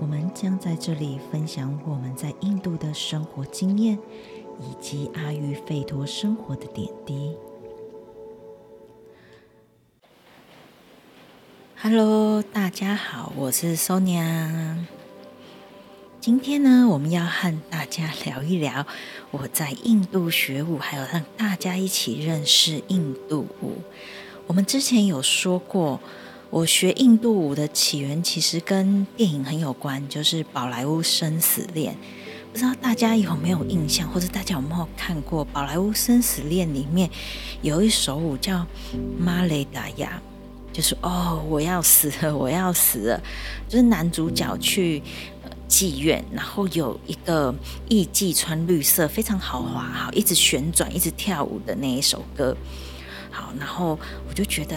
我們將在這裡分享我們在印度的生活經驗，以及阿育吠陀生活的點滴。Hello，大家好，我是 Sonia。今天呢，我們要和大家聊一聊我在印度學舞，還有讓大家一起認識印度舞。我們之前有說過。我學印度舞的起源其實跟電影很有關，就是寶萊塢《生死戀》，不知道大家有沒有印象，或者大家有沒有看過《寶萊塢生死戀》？裡面有一首舞叫《瑪蕾達亞》，就是哦，我要死了，我要死了，就是男主角去、呃、妓院，然後有一個藝妓穿綠色，非常豪華，好，一直旋轉，一直跳舞的那一首歌，好，然後我就覺得，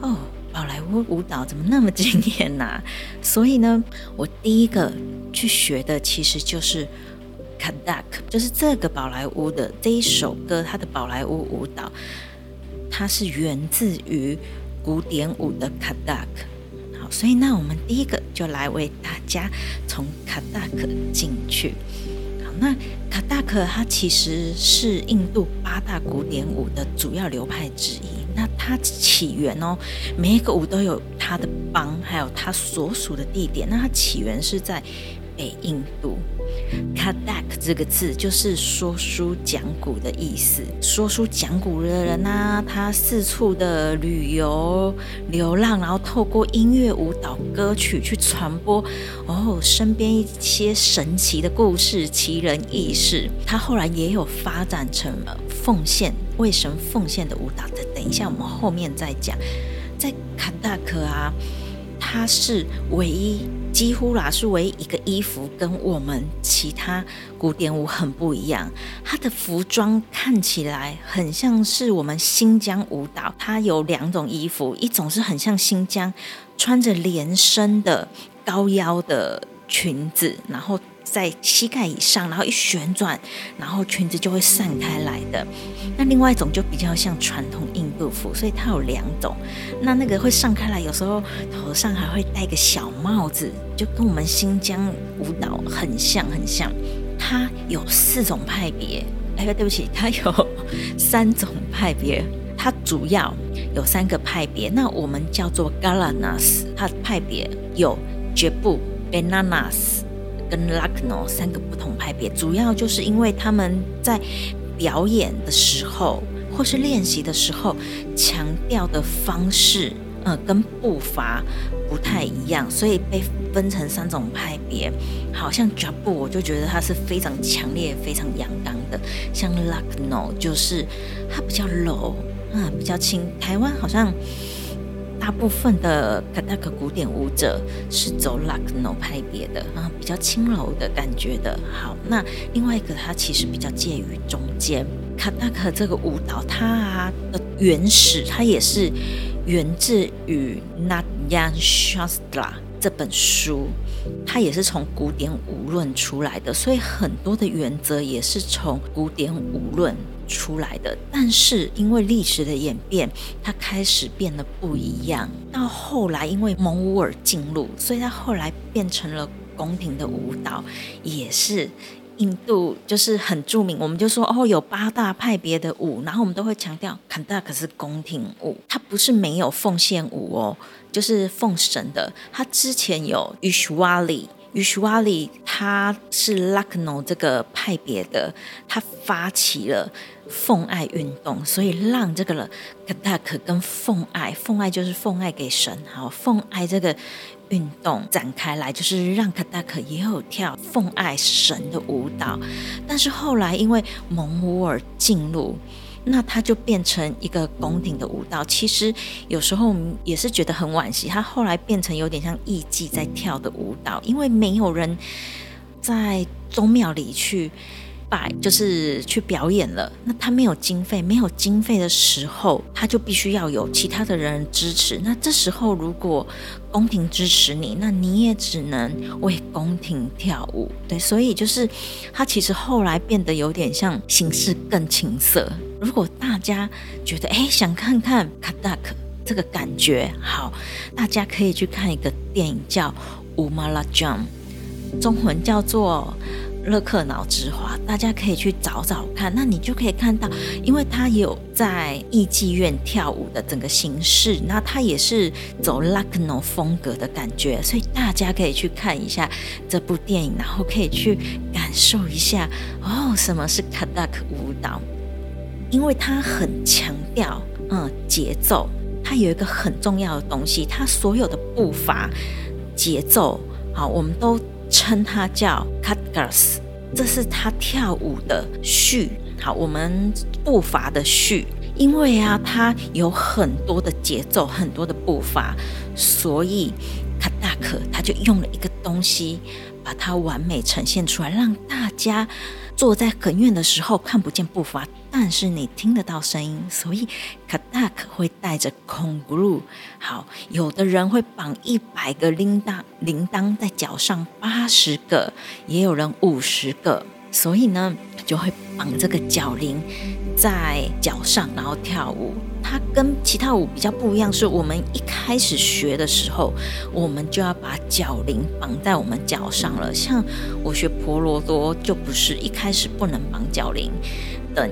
哦。寶萊塢舞蹈怎麼那麼驚豔呢？所以呢，我第一個去學的其實就是 Kathak，就是這個寶萊塢的這一首歌，它的寶萊塢舞蹈，它是源自於古典舞的 Kathak。好，所以那我們第一個就來為大家從 Kathak 進去。好，那 Kathak 它其實是印度八大古典舞的主要流派之一。那它起源哦，每一個舞都有它的邦，還有它所屬的地點。那它起源是在北印度。Kathak 這個字就是說書講古的意思。說書講古的人呢、啊，他四處的旅遊、流浪，然後透過音樂、舞蹈、歌曲去傳播哦身邊一些神奇的故事、奇人異事。他後來也有發展成了奉獻為神奉獻的舞蹈的。等一下，我們後面再講。在卡達克啊，它是唯一幾乎啦，是唯一一個衣服跟我們其他古典舞很不一樣。它的服裝看起來很像是我們新疆舞蹈。它有兩種衣服，一種是很像新疆穿着連身的高腰的裙子，然後，在膝蓋以上，然後一旋轉，然後裙子就會散開來的。那另外一種就比較像傳統印度服，所以它有兩種。那那個會散開來，有時候頭上還會戴個小帽子，就跟我們新疆舞蹈很像很像。它有四種派別，哎，對不起，它有三種派別。它主要有三個派別，那我們叫做 Gala Nas，它的派別有 Jabu Bananas。跟 Lucknow 三個不同派別，主要就是因為他們在表演的時候或是練習的時候，強調的方式，呃，跟步伐不太一樣，所以被分成三種派別。好像 Jabu 我就覺得他是非常強烈、非常陽剛的，像 Lucknow 就是他比較柔啊、呃，比較輕。台灣好像。大部分的卡達克古典舞者是走拉克瑙派別的啊，比較輕柔的感覺的。好，那另外一個，它其實比較介於中間。卡達克這個舞蹈，它的原始它也是源自於那揚沙斯拉。這本書，它也是從古典舞論出來的，所以很多的原則也是從古典舞論出來的。但是因為歷史的演變，它開始變得不一樣。到後來，因為蒙兀兒進入，所以它後來變成了宮廷的舞蹈，也是。印度就是很著名，我們就說哦，有八大派別的舞，然後我們都會強調坎 a n 是宮廷舞，它不是沒有奉獻舞哦，就是奉神的。它之前有於是瓦里，於是瓦里，l 它是拉克 k n o 這個派別的，它發起了奉愛運動，所以讓這個了坎 a 跟奉愛，奉愛就是奉愛給神，好，奉愛這個。運動展開來，就是讓卡達克也有跳奉愛神的舞蹈，但是後來因為蒙兀爾進入，那他就變成一個宮廷的舞蹈。其實有時候也是覺得很惋惜，他後來變成有點像藝妓在跳的舞蹈，因為沒有人，在宗廟裡去。就是去表演了。那他沒有經費，沒有經費的時候，他就必須要有其他的人的支持。那這時候，如果宮廷支持你，那你也只能為宮廷跳舞。對，所以就是他其實後來變得有點像形式更青澀。如果大家覺得誒、欸，想看看卡達克這個感覺，好，大家可以去看一個電影叫《Umrao Jaan》，中文叫做。拉克腦之花，大家可以去找找看，那你就可以看到，因為他有在藝妓院跳舞的整個形式，那他也是走拉克瑙風格的感覺，所以大家可以去看一下這部電影，然後可以去感受一下哦，什麼是卡達克舞蹈，因為它很強調嗯節奏，它有一個很重要的東西，它所有的步伐節奏，好，我們都稱它叫 Kathak，這是他跳舞的序。好，我們步伐的序，因為啊，他有很多的節奏，很多的步伐，所以 Kathak 他就用了一個東西，把它完美呈現出來，讓大家，坐在很遠的時候看不見步伐，但是你聽得到聲音，所以 Kathak 會帶着 Konguru，好，有的人會綁一百個鈴鐺，鈴鐺在腳上八十個，也有人五十個。所以呢，就會綁這個腳鈴在腳上，然後跳舞。它跟其他舞比較不一樣，是我們一開始學的時候，我們就要把腳鈴綁在我們腳上了。像我學婆羅多，就不是一開始不能綁腳鈴，等。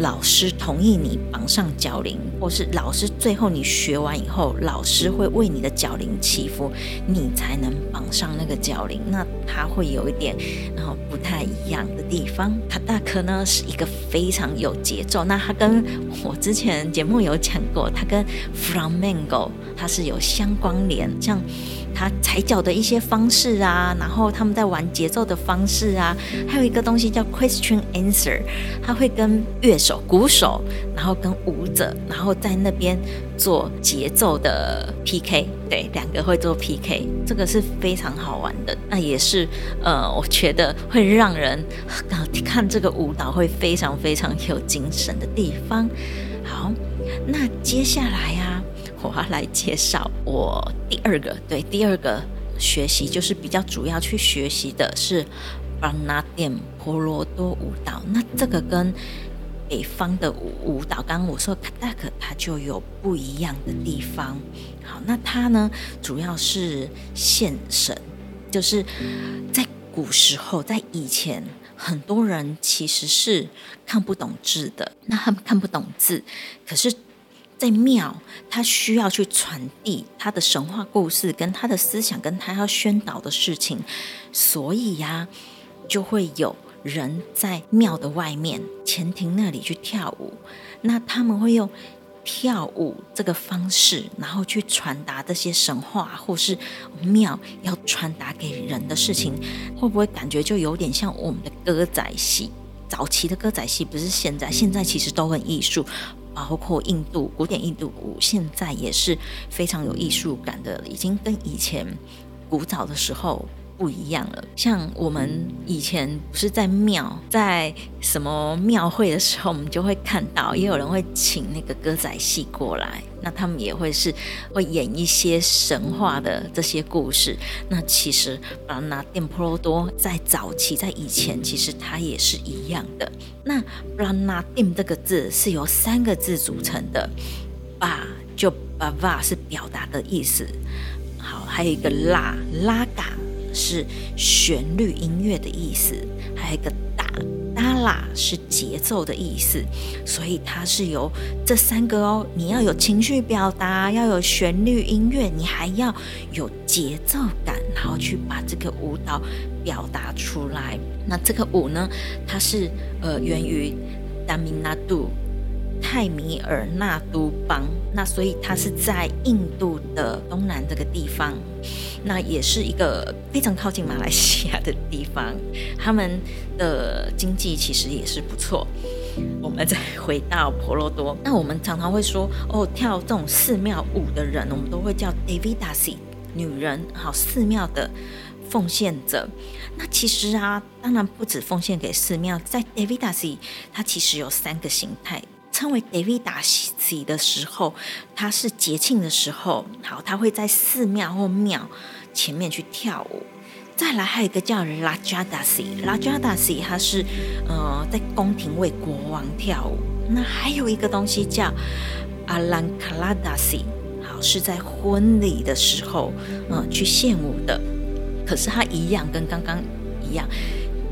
老師同意你綁上腳鈴，或是老師最後你學完以後，老師會為你的腳鈴祈福，你才能綁上那個腳鈴。那它會有一點，然後不太一樣的地方。卡達克呢是一個非常有節奏，那它跟我之前節目有講過，它跟 flamenco 它是有相關聯，像。他踩腳的一些方式啊，然後他們在玩節奏的方式啊，還有一個東西叫 question answer，他會跟樂手、鼓手，然後跟舞者，然後在那邊做節奏的 PK，對，兩個會做 PK，這個是非常好玩的，那也是呃，我覺得會讓人啊看這個舞蹈會非常非常有精神的地方。好，那接下來啊。我要來介紹我第二個，對，第二個學習，就是比較主要去學習的是 Bharatanatyam 婆羅多舞蹈。那這個跟北方的舞舞蹈，剛剛我說的卡達克，它就有不一樣的地方。好，那它呢，主要是獻神，就是在古時候，在以前，很多人其實是看不懂字的。那他們看不懂字，可是，在廟，他需要去傳遞他的神話故事，跟他的思想，跟他要宣導的事情，所以呀、啊，就會有人在廟的外面，前庭那裡去跳舞。那他們會用跳舞這個方式，然後去傳達這些神話，或是廟要傳達給人的事情，會不會感覺就有點像我們的歌仔戲？早期的歌仔戲不是現在，現在其實都很藝術。包括印度古典印度舞，現在也是非常有藝術感的，已經跟以前古早的時候，不一樣了。像我們以前不是在廟，在什麼廟會的時候，我們就會看到，也有人會請那個歌仔戲過來，嗯、那他們也會是會演一些神話的這些故事。那其實，Bharatanatyam 在早期在以前，嗯、其實它也是一樣的。那 Bharatanatyam 這個字是由三個字組成的，巴就巴瓦是表達的意思。好，還有一個拉拉嘎，是旋律音樂的意思，還有一個噠，dala 是節奏的意思，所以它是由這三個哦，你要有情緒表達，要有旋律音樂，你還要有節奏感，然後去把這個舞蹈表達出來。那這個舞呢，它是呃源於坦米爾那度泰米爾納都邦，那所以它是在印度的東南這個地方，那也是一個非常靠近馬來西亞的地方。他們的經濟其實也是不錯。我們再回到婆羅多，那我們常常會說，哦，跳這種寺廟舞的人，我們都會叫 Devadasi 女人，好，寺廟的奉獻者。那其實啊，當然不止奉獻給寺廟，在 Devadasi 它其實有三個形態。稱為 Devadasi 的時候，他是節慶的時候，好，他會在寺廟或廟前面去跳舞。再來，還有一個叫 Rajadasi，Rajadasi，、mm hmm. 他是呃在宮廷為國王跳舞。那還有一個東西叫 Alankaladasi，好，是在婚禮的時候，嗯、呃，去獻舞的。可是他一樣跟剛剛一樣，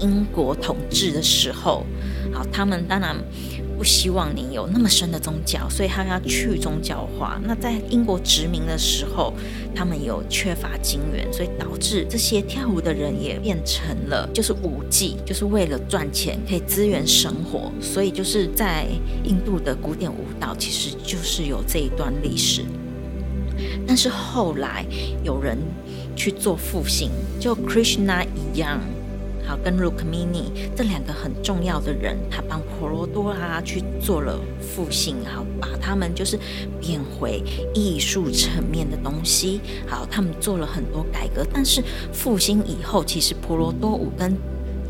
英國統治的時候，好，他們當然。不希望你有那麼深的宗教，所以他要去宗教化。那在英國殖民的時候，他們有缺乏金援，所以導致這些跳舞的人也變成了就是舞技，就是為了賺錢可以資源生活。所以就是在印度的古典舞蹈，其實就是有這一段歷史。但是後來有人去做復興，就 Krishna 一樣。好，跟魯克密尼這兩個很重要的人，他幫婆羅多拉去做了復興，好，把他們就是變回藝術層面的東西。好，他們做了很多改革，但是復興以後，其實婆羅多舞跟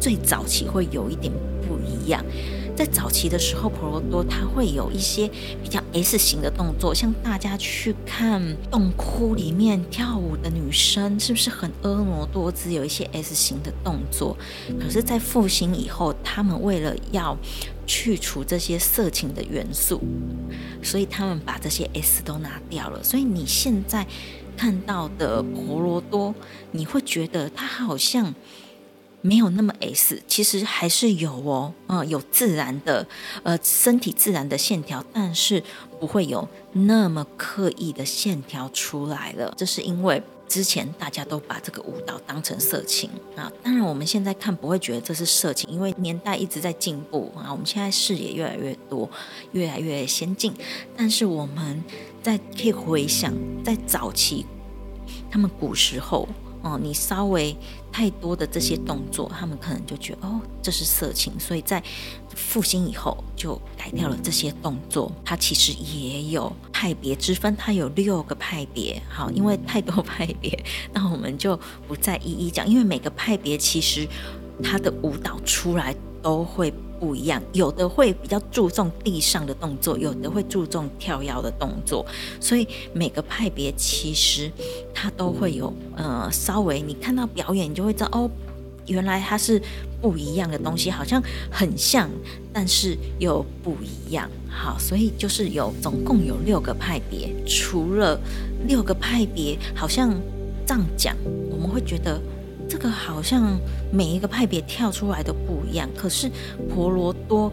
最早期會有一點不一樣。在早期的時候，婆羅多他會有一些比較 S 型的動作，像大家去看洞窟裡面跳舞的女生，是不是很婀娜多姿，有一些 S 型的動作？可是，在復興以後，他們為了要去除這些色情的元素，所以他們把這些 S 都拿掉了。所以你現在看到的婆羅多，你會覺得他好像，沒有那麼 S，其實還是有哦，嗯、呃，有自然的，呃，身體自然的線條，但是不會有那麼刻意的線條出來了。這是因為之前大家都把這個舞蹈當成色情啊，當然我們現在看不會覺得這是色情，因為年代一直在進步啊，我們現在視野越來越多，越來越先進。但是我們在可以回想，在早期，他們古時候。哦、嗯，你稍微太多的這些動作，他們可能就覺得哦，這是色情。所以在復興以後，就改掉了這些動作。它其實也有派別之分，它有六個派別。好，因為太多派別，那我們就不再一一講，因為每個派別其實它的舞蹈出來都會不一樣，有的會比較注重地上的動作，有的會注重跳躍的動作。所以每個派別其實。它都會有呃，稍微你看到表演，你就會知道哦，原來它是不一樣的東西，好像很像，但是又不一樣。好，所以就是有總共有六個派別，除了六個派別，好像這樣講，我們會覺得這個好像每一個派別跳出來都不一樣。可是婆羅多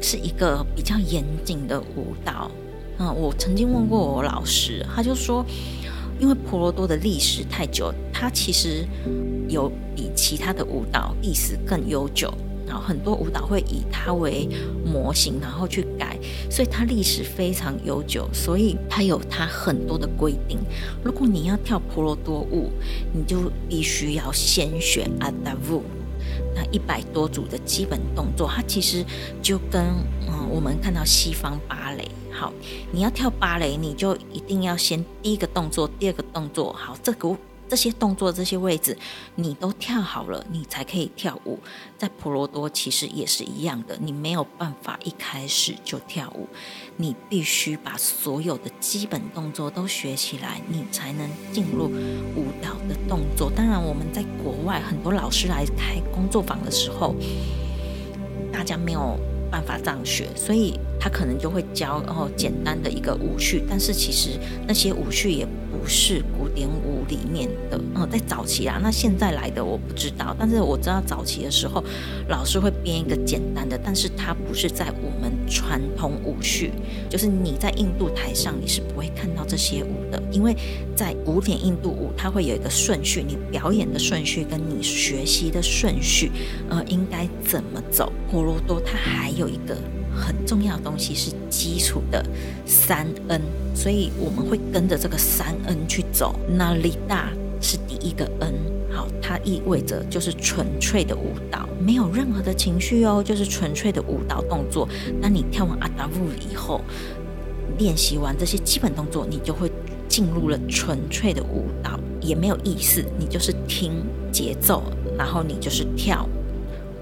是一個比較嚴謹的舞蹈。嗯，我曾經問過我老師，他就說。因為婆羅多的歷史太久，它其實有比其他的舞蹈歷史更悠久。然後很多舞蹈會以它為模型然後去改，所以它歷史非常悠久。所以它有它很多的規定。如果你要跳婆羅多舞，你就必須要先學阿達舞。那一百多組的基本動作，它其實就跟嗯，我們看到西方芭蕾，好，你要跳芭蕾，你就一定要先第一個動作，第二個動作，好，這個我。這些動作、這些位置，你都跳好了，你才可以跳舞。在婆羅多其實也是一樣的，你沒有辦法一開始就跳舞，你必須把所有的基本動作都學起來，你才能進入舞蹈的動作。當然，我們在國外很多老師來開工作坊的時候，大家沒有辦法這樣學，所以他可能就會教哦簡單的一個舞序，但是其實那些舞序也。不是古典舞裡面的嗯，在早期啊，那現在來的我不知道，但是我知道早期的時候，老師會編一個簡單的，但是它不是在我們傳統舞序，就是你在印度台上你是不會看到這些舞的，因為在古典印度舞，它會有一個順序，你表演的順序跟你學習的順序，呃，應該怎麼走？古羅多它還有一個很重要的東西是基礎的三 N，所以我們會跟着這個三恩。去走，那力大是第一個嗯，好，它意味着就是純粹的舞蹈，沒有任何的情緒哦，就是純粹的舞蹈動作。當你跳完阿達夫以後，練習完這些基本動作，你就會進入了純粹的舞蹈，也沒有意思。你就是聽節奏，然後你就是跳。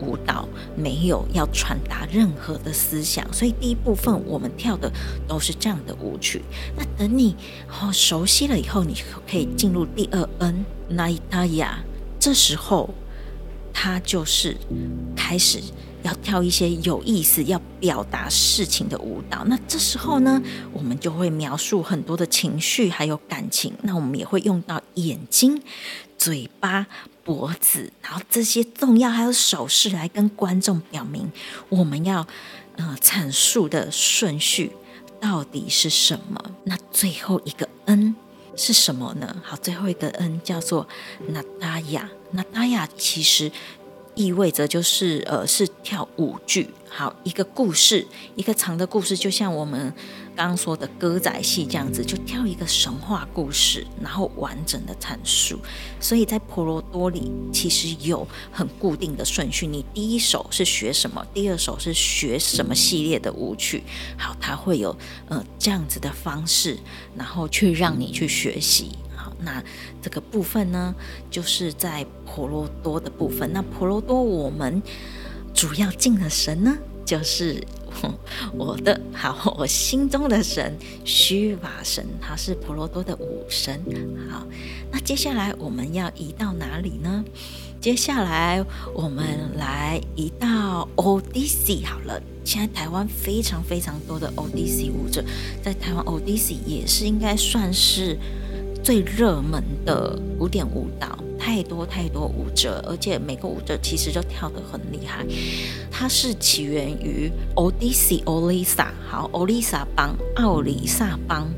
舞蹈沒有要傳達任何的思想，所以第一部分我們跳的都是這樣的舞曲。那等你哦熟悉了以後，你可以進入第二 Nritya，這時候它就是開始要跳一些有意思、要表達事情的舞蹈。那這時候呢，我們就會描述很多的情緒還有感情。那我們也會用到眼睛、嘴巴。脖子，然後這些重要還有手勢，來跟觀眾表明我們要呃闡述的順序到底是什麼。那最後一個 “n” 是什麼呢？好，最後一個 “n” 叫做 N “娜達雅”。娜達雅其實意味着就是呃是跳舞劇，好一個故事，一個長的故事，就像我們。剛剛說的歌仔戲這樣子，就跳一個神話故事，然後完整的闡述。所以在婆羅多裡，其實有很固定的順序。你第一首是學什麼，第二首是學什麼系列的舞曲。好，它會有呃這樣子的方式，然後去讓你去學習。好，那這個部分呢，就是在婆羅多的部分。那婆羅多我們主要敬的神呢？就是我我的好，我心中的神——虛瓦神，他是婆羅多的舞神。好，那接下來我們要移到哪裡呢？接下來我們來移到 Odissi 好了。現在台灣非常非常多的 Odissi 舞者，在台灣 Odissi 也是應該算是最熱門的古典舞蹈。太多太多舞者，而且每個舞者其實都跳得很厲害。它是起源於 Odissi Olisa，好，Olisa 邦奧里薩邦。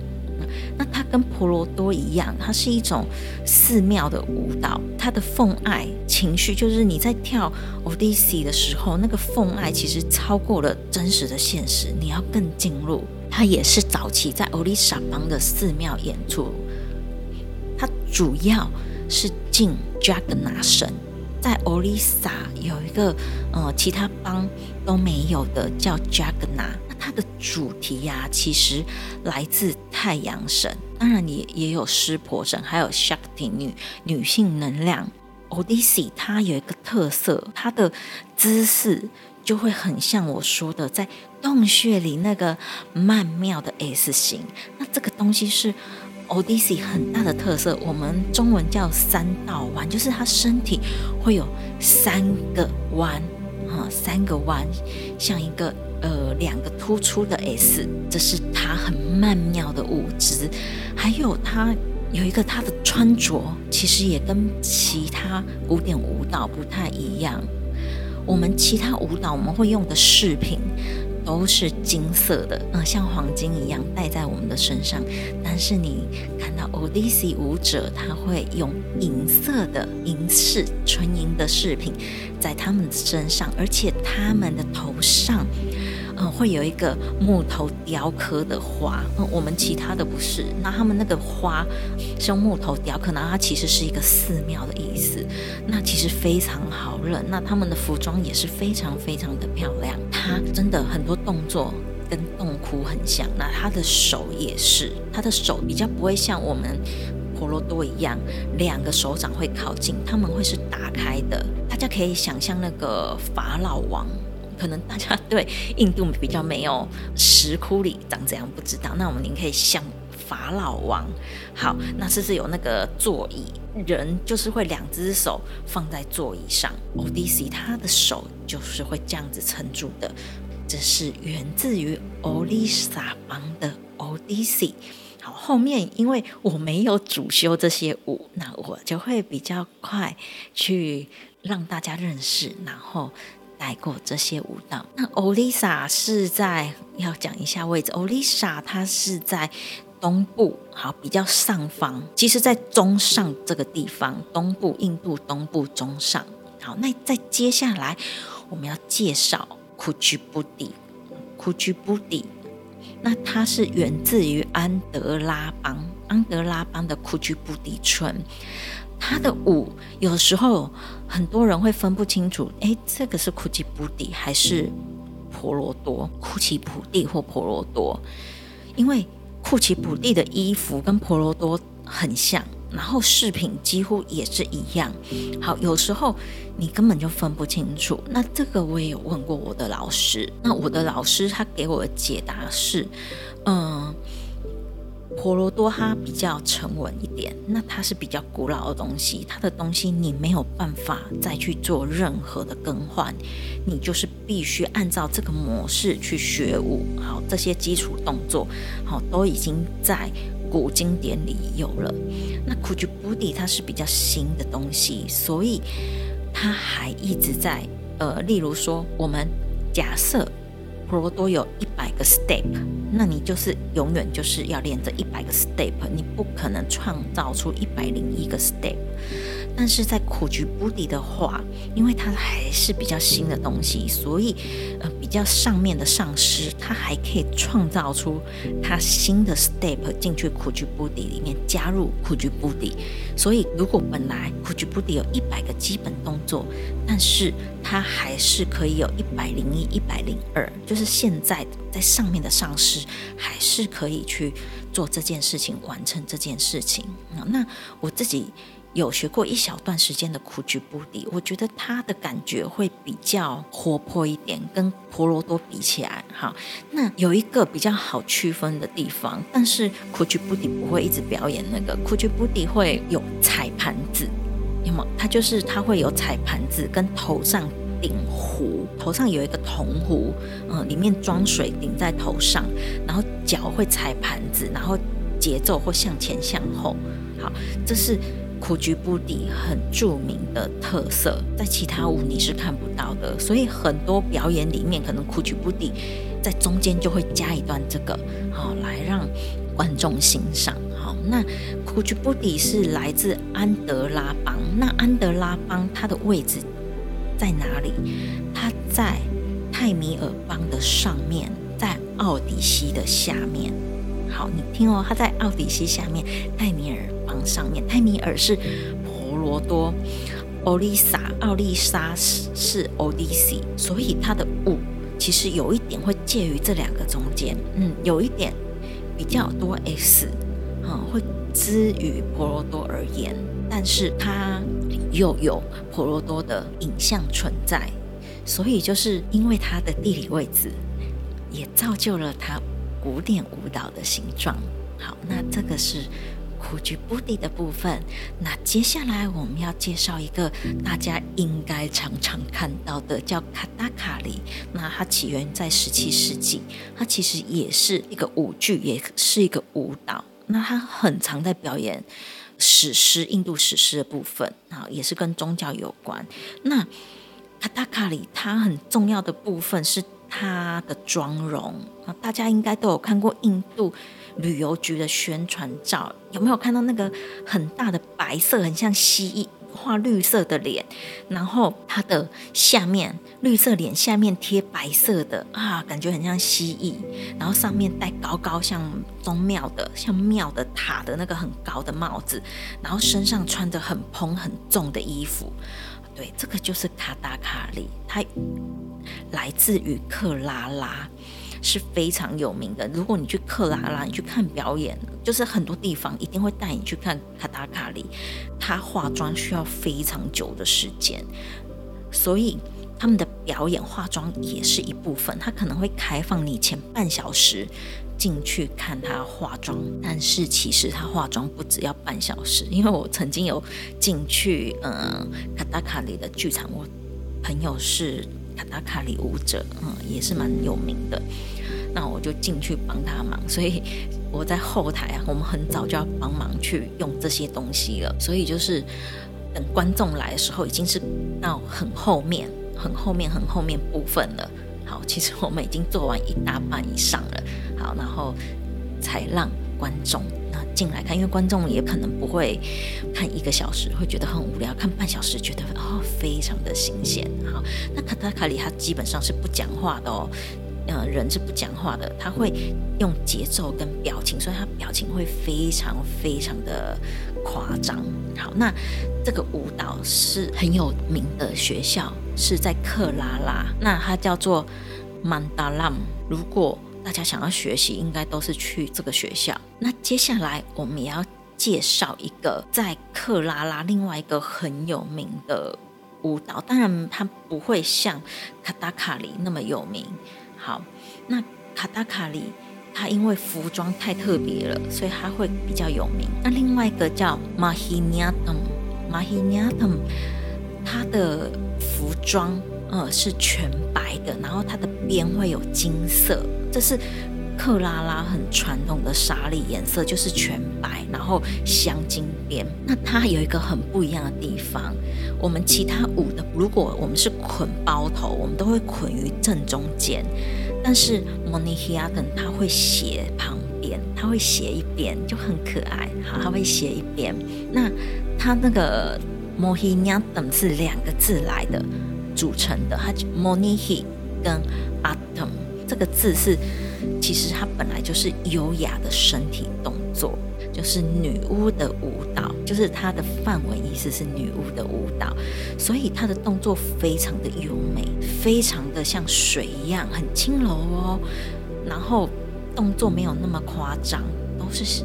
那它跟婆羅多一樣，它是一種寺廟的舞蹈。它的奉愛情緒就是你在跳 Odissi 的時候，那個奉愛其實超過了真實的現實。你要更進入。它也是早期在 Olisa 邦的寺廟演出。它主要。是進 Jagannath 神，在 Orissa 有一個呃其他邦都沒有的叫 Jagannath 那它的主題呀、啊、其實來自太陽神，當然也也有濕婆神，還有 Shakti 女女性能量。Odissi 它有一個特色，它的姿勢就會很像我說的在洞穴裡那個曼妙的 S 型，那這個東西是。Odissi 很大的特色，我們中文叫三道彎，就是它身體會有三個彎啊，三個彎，像一個呃兩個突出的 S，這是它很曼妙的舞姿。還有它有一個它的穿着，其實也跟其他古典舞蹈不太一樣。我們其他舞蹈我們會用的飾品，都是金色的，嗯、呃，像黃金一樣戴在我們的身上。但是你看到 Odissi 舞者，他會用銀色的銀飾、純銀的飾品在他們身上，而且他們的頭上。嗯，會有一個木頭雕刻的花，嗯，我們其他的不是。那他們那個花是用木頭雕刻，那它其實是一個寺廟的意思。那其實非常好認。那他們的服裝也是非常非常的漂亮，他真的很多動作跟洞窟很像。那他的手也是，他的手比較不會像我們婆羅多一樣，兩個手掌會靠近，他們會是打開的。大家可以想象那個法老王。可能大家對印度比較沒有石窟裡長怎樣不知道，那我們您可以像法老王，好，那這是有那個座椅，人就是會兩只手放在座椅上，Odissi 他的手就是會這樣子撐住的，這是源自於奧里薩邦的 Odissi。好，後面因為我沒有主修這些舞，那我就會比較快去讓大家認識，然後。來過這些舞蹈，那 Olisa 是在要講一下位置，Olisa 它是在東部，好，比較上方。其實，在中上這個地方，東部，印度東部中上。好，那再接下來我們要介紹庫區布底，庫區布底。那它是源自於安德拉邦，安德拉邦的庫區布底村。他的舞有時候很多人會分不清楚，誒，這個是酷奇普地還是婆羅多？嗯、酷奇普地或婆羅多，因為酷奇普地的衣服跟婆羅多很像，然後飾品幾乎也是一樣。好，有時候你根本就分不清楚。那這個我也有問過我的老師，那我的老師他給我的解答是，嗯。婆羅多哈比較沉穩一點，那它是比較古老的東西，它的東西你沒有辦法再去做任何的更換，你就是必須按照這個模式去學舞。好，這些基礎動作好都已經在古經典裡有了。那酷奇普地，它是比較新的東西，所以它還一直在呃，例如說我們假設。如果都有一百個 step，那你就是永遠就是要練這一百個 step，你不可能創造出一百零一個 step。但是在酷奇普地的話，因為它還是比較新的東西，所以呃，比較上面的上師，他還可以創造出他新的 step 進去酷奇普地裡面，加入酷奇普地。所以如果本來酷奇普地有一百個基本動作，但是它還是可以有一百零一、一百零二，就是現在在上面的上師還是可以去做這件事情，完成這件事情。嗯，那我自己。有學過一小段時間的酷奇普地，我覺得他的感覺會比較活潑一點，跟婆羅多比起來，哈。那有一個比較好區分的地方，但是酷奇普地不會一直表演那個酷奇普地，會有踩盤子，有沒有？他就是他會有踩盤子，跟頭上頂壺，頭上有一個銅壺，嗯，裡面裝水頂在頭上，然後腳會踩盤子，然後節奏會向前向後，好，這是。酷奇普地很著名的特色，在其他舞你是看不到的，所以很多表演裡面可能酷奇普地在中間就會加一段這個，好，來讓觀眾欣賞。好，那酷奇普地是來自安德拉邦，那安德拉邦它的位置在哪裡？它在泰米爾邦的上面，在奧迪西的下面。好，你聽哦，它在奧迪西下面，泰米爾。上面泰米爾是婆羅多，歐麗莎、奧麗莎是是 Odissi，所以它的舞其實有一點會介於這兩個中間，嗯，有一點比較多 S，啊、嗯，會之於婆羅多而言，但是它又有婆羅多的影像存在，所以就是因為它的地理位置，也造就了它古典舞蹈的形狀。好，那這個是。酷奇普地的部分，那接下來我們要介紹一個大家應該常常看到的，叫卡達卡利。那它起源在十七世紀，它其實也是一個舞劇，也是一個舞蹈。那它很常在表演史詩，印度史詩的部分啊，也是跟宗教有關。那卡達卡利它很重要的部分是它的妝容，那大家應該都有看過印度。旅遊局的宣傳照，有沒有看到那個很大的白色，很像蜥蜴，畫綠色的臉，然後它的下面綠色臉下面貼白色的啊，感覺很像蜥蜴，然後上面戴高高像宗廟的、像廟的塔的那個很高的帽子，然後身上穿着很蓬很重的衣服，對，這個就是卡達卡利，它來自於克拉拉。是非常有名的。如果你去克拉拉，你去看表演，就是很多地方一定會帶你去看卡達卡利。他化妝需要非常久的時間，所以他們的表演化妝也是一部分。他可能會開放你前半小時進去看他化妝，但是其實他化妝不止要半小時。因為我曾經有進去，嗯、呃，卡達卡利的劇場，我朋友是。卡達卡利舞者，嗯，也是蠻有名的。那我就進去幫他忙，所以我在後台啊，我們很早就要幫忙去用這些東西了。所以就是等觀眾來的時候，已經是到很後面、很後面、很後面部分了。好，其實我們已經做完一大半以上了。好，然後才讓。觀眾那進來看，因為觀眾也可能不會看一個小時，會覺得很無聊；看半小時，覺得啊、哦、非常的新鮮。好，那卡達卡利他基本上是不講話的哦，嗯、呃，人是不講話的，他會用節奏跟表情，所以他表情會非常非常的誇張。好，那這個舞蹈是很有名的學校，是在克拉拉，那它叫做曼達拉姆。如果大家想要學習，應該都是去這個學校。那接下來我們也要介紹一個在克拉拉另外一個很有名的舞蹈。當然，它不會像卡達卡利那麼有名。好，那卡達卡利它因為服裝太特別了，所以它會比較有名。那另外一個叫 Mohiniyattam，Mohiniyattam，它的服裝呃、嗯、是全白的，然後它的邊會有金色。就是克拉拉很傳統的沙麗顏色，就是全白，然後鑲金邊。那它有一個很不一樣的地方，我們其他舞的，如果我們是捆包頭，我們都會捆於正中間。但是摩尼希亞頓，它會斜旁邊，它會斜一邊，就很可愛。好，它會斜一邊。那它那個摩尼希亞頓是兩個字來的組成的，它就摩尼希跟阿 m 這個字是，其實它本來就是優雅的身體動作，就是女巫的舞蹈，就是它的範圍意思是女巫的舞蹈，所以它的動作非常的優美，非常的像水一樣，很輕柔哦，然後動作沒有那麼誇張，都是。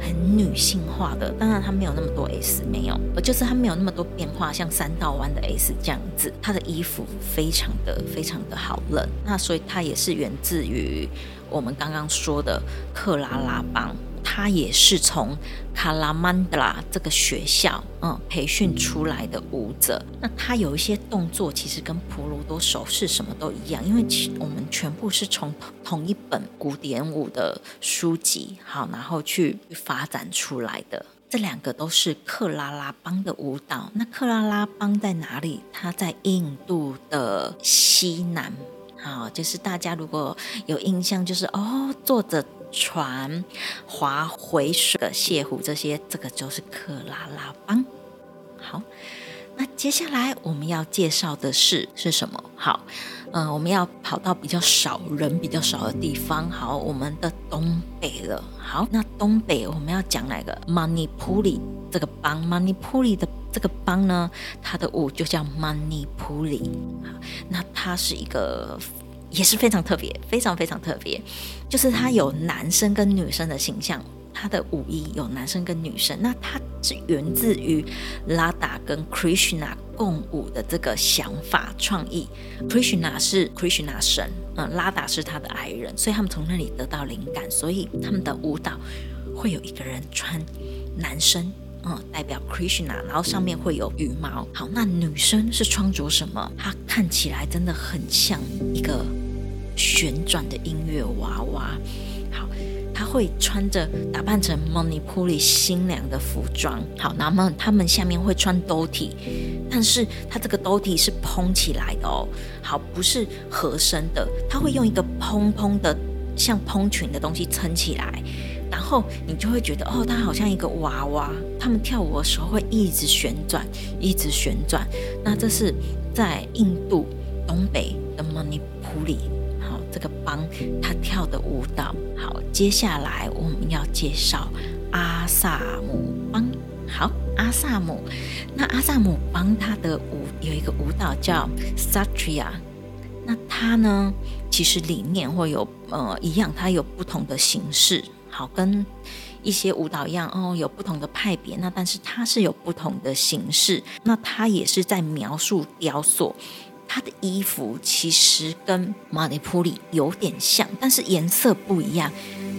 很女性化的，當然它沒有那麼多 S，沒有，呃，就是它沒有那麼多變化，像三道彎的 S 這樣子，它的衣服非常的非常的好冷，那所以它也是源自於我們剛剛說的克拉拉邦。他也是從卡拉曼德拉這個學校，嗯，培訓出來的舞者。那他有一些動作，其實跟婆羅多手勢什麼都一樣，因為其我們全部是從同一本古典舞的書籍，好，然後去發展出來的。這兩個都是克拉拉邦的舞蹈。那克拉拉邦在哪裡？它在印度的西南。好，就是大家如果有印象，就是哦，做的。船劃回水的瀉湖，這些這個就是克拉拉邦。好，那接下來我們要介紹的是是什麼？好，嗯、呃，我們要跑到比較少人、比較少的地方。好，我們的東北了。好，那東北我們要講哪個？m o n e y 曼尼 l y 這個邦。曼尼 l y 的這個邦呢，它的物就叫 money 曼尼 y 好，那它是一個。也是非常特別，非常非常特別，就是他有男生跟女生的形象，他的舞衣有男生跟女生。那它是源自於拉達跟 Krishna 共舞的這個想法創意。Krishna 是 Krishna 神，嗯，拉達是他的愛人，所以他們從那裡得到靈感，所以他們的舞蹈會有一個人穿男生，嗯，代表 Krishna，然後上面會有羽毛。好，那女生是穿着什麼？她看起來真的很像一個。旋轉的音樂娃娃，好，他會穿着打扮成 Manipuri 新娘的服裝，好，那麼他們下面會穿兜體，但是他這個兜體是蓬起來的哦，好，不是合身的，他會用一個蓬蓬的像蓬裙的東西撐起來，然後你就會覺得哦，他好像一個娃娃，他們跳舞的時候會一直旋轉，一直旋轉，那這是在印度東北的 Manipuri。這個邦他跳的舞蹈，好，接下來我們要介紹阿薩姆邦。好，阿薩姆，那阿薩姆邦，他的舞有一個舞蹈叫 Sattriya，那它呢，其實裡面會有呃一樣，它有不同的形式，好，跟一些舞蹈一樣哦，有不同的派別，那但是它是有不同的形式，那它也是在描述雕塑。她的衣服其實跟曼尼普利有點像，但是顏色不一樣。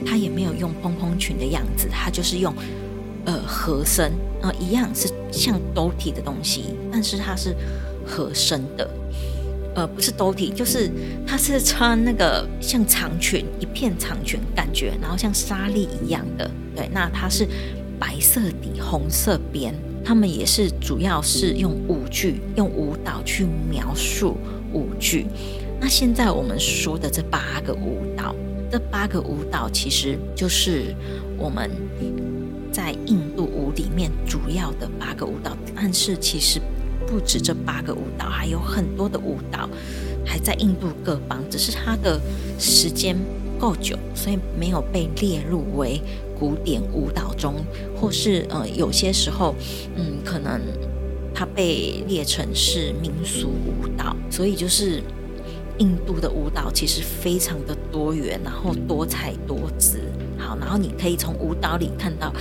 她也沒有用蓬蓬裙的樣子，她就是用呃合身啊、呃，一樣是像斗提的東西，但是它是合身的，呃，不是斗提，就是她是穿那個像長裙，一片長裙的感覺，然後像紗麗一樣的。對，那它是白色底，紅色邊。他們也是，主要是用舞劇、用舞蹈去描述舞劇。那現在我們說的這八個舞蹈，這八個舞蹈其實就是我們在印度舞裡面主要的八個舞蹈。但是其實不止這八個舞蹈，還有很多的舞蹈還在印度各邦，只是它的時間不夠久，所以沒有被列入為。古典舞蹈中，或是呃有些時候，嗯，可能它被列成是民俗舞蹈，所以就是印度的舞蹈其實非常的多元，然後多彩多姿。好，然後你可以從舞蹈裡看到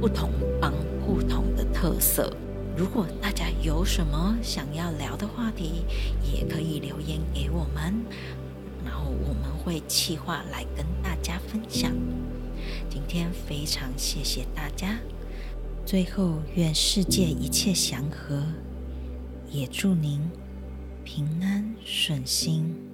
不同邦不同的特色。如果大家有什麼想要聊的話題，也可以留言給我們，然後我們會計劃來跟大家分享。今天非常謝謝大家。最後，願世界一切祥和，也祝您平安順心。